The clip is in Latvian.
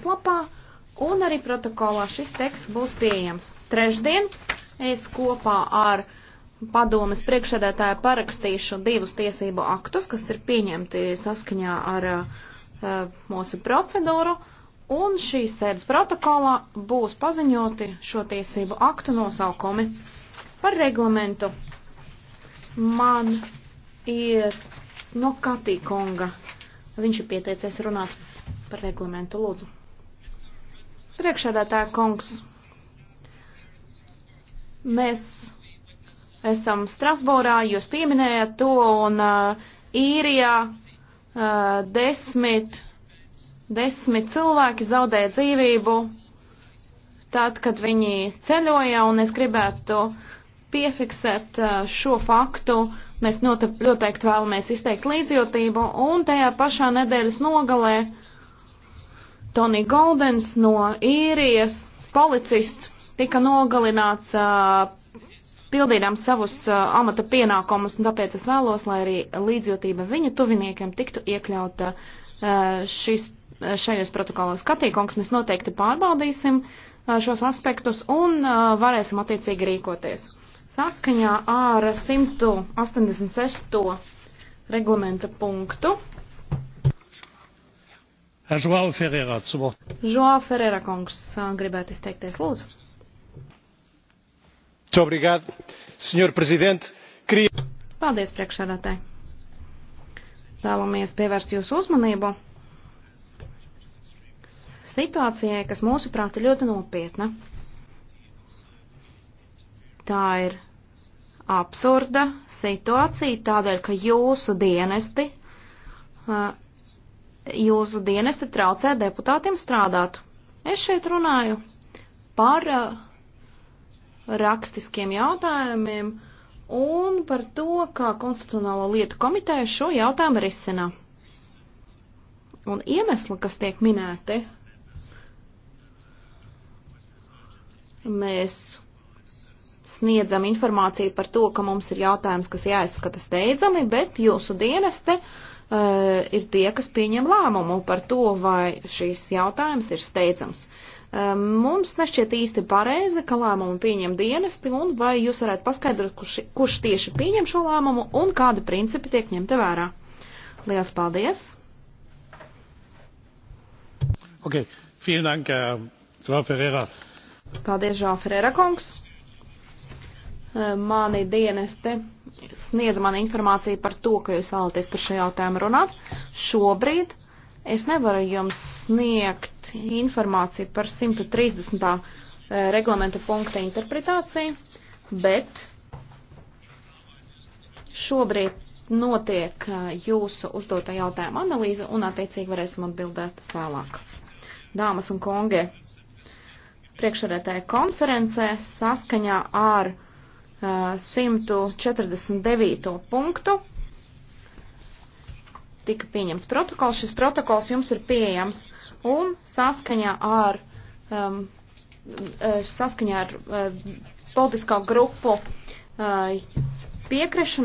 mājaslapā un arī protokolā šis teksts būs pieejams. Trešdien es kopā ar padomas priekšsēdētāju parakstīšu divus tiesību aktus, kas ir pieņemti saskaņā ar uh, mūsu procedūru, un šīs sēdes protokolā būs paziņoti šo tiesību aktu nosaukumi par reglamentu. Man ir no nu, Katī Konga. Viņš ir pieteicies runāt par reglamentu lūdzu. Priekšādātā kungs, mēs esam Strasbūrā, jūs pieminējat to, un uh, īrijā uh, desmit, desmit cilvēki zaudēja dzīvību tad, kad viņi ceļoja, un es gribētu piefiksēt uh, šo faktu. Mēs noteikti vēlamies izteikt līdzjūtību, un tajā pašā nedēļas nogalē uh, Tony Goldens no īrijas policists tika nogalināts uh, pildīdām savus uh, amata pienākumus, un tāpēc es vēlos, lai arī līdzjūtība viņa tuviniekiem tiktu iekļauta uh, šis, šajos protokolos. Katīkungs mēs noteikti pārbaudīsim uh, šos aspektus un uh, varēsim attiecīgi rīkoties. Saskaņā ar 186. reglamenta punktu. Žuāla Ferēra atsvo. Žuāla Ferēra kungs gribētu izteikties, lūdzu. Čobrigād, senjor prezident. Kri... Paldies, priekšsēdētāji. Vēlamies pievērst jūsu uzmanību situācijai, kas mūsuprāt ir ļoti nopietna. Tā ir absurda situācija tādēļ, ka jūsu dienesti uh, jūsu dienesti traucē deputātiem strādāt. Es šeit runāju par uh, rakstiskiem jautājumiem un par to, kā konstitucionālo lietu komiteja šo jautājumu risina. Un iemesli, kas tiek minēti, mēs sniedzam informāciju par to, ka mums ir jautājums, kas jāizskata steidzami, bet jūsu dieneste uh, ir tie, kas pieņem lēmumu par to, vai šīs jautājums ir steidzams. Uh, mums nešķiet īsti pareizi, ka lēmumu pieņem dienesti, un vai jūs varētu paskaidrot, kurš, kurš tieši pieņem šo lēmumu un kādi principi tiek ņemti vērā. Lielas paldies! Okay. Vielen Dank, Herr Ferreira. Paldies, Žēl Ferreira kungs! Eh, mani dienesti sniedz man informāciju par to, ka jūs vēlaties par šo jautājumu runāt. Šobrīd es nevaru jums sniegt informāciju par 130. Eh, reglamenta punkta interpretāciju, bet šobrīd notiek eh, jūsu uzdotā jautājuma analīze un attiecīgi varēsim atbildēt vēlāk. Dāmas un kungi, priekšredētāja konferencē saskaņā ar 149. punktu. Tika pieņemts protokols. Šis protokols jums ir pieejams un saskaņā ar, um, e, saskaņā ar uh, e, politiskā grupu uh, piekrišanu.